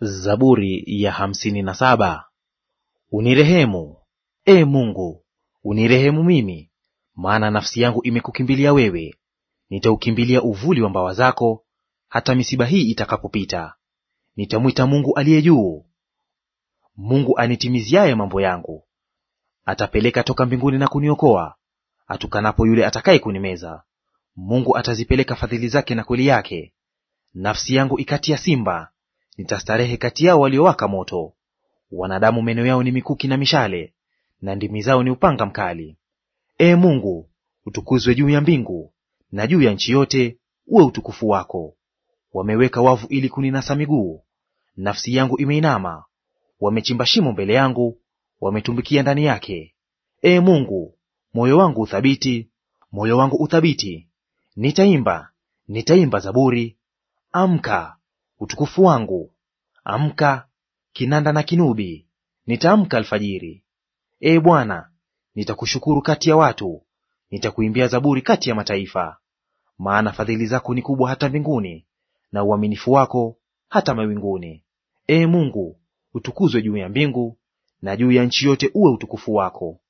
Zaburi ya hamsini na saba. Unirehemu, e Mungu, unirehemu mimi, maana nafsi yangu imekukimbilia wewe. Nitaukimbilia uvuli wa mbawa zako, hata misiba hii itakapopita. Nitamwita Mungu aliye juu. Mungu anitimiziaye mambo yangu. Atapeleka toka mbinguni na kuniokoa, atukanapo yule atakaye kunimeza. Mungu atazipeleka fadhili zake na kweli yake. Nafsi yangu ikatia simba, Nitastarehe kati yao waliowaka moto. Wanadamu meno yao ni mikuki na mishale, na ndimi zao ni upanga mkali. e Mungu, utukuzwe juu ya mbingu, na juu ya nchi yote uwe utukufu wako. Wameweka wavu ili kuninasa miguu, nafsi yangu imeinama. Wamechimba shimo mbele yangu, wametumbikia ndani yake. e Mungu, moyo wangu uthabiti, moyo wangu uthabiti. Nitaimba, nitaimba zaburi. Amka, utukufu wangu. Amka, kinanda na kinubi, nitaamka alfajiri. e Bwana, nitakushukuru kati ya watu, nitakuimbia zaburi kati ya mataifa. Maana fadhili zako ni kubwa hata mbinguni, na uaminifu wako hata mawinguni. e Mungu, utukuzwe juu ya mbingu, na juu ya nchi yote uwe utukufu wako.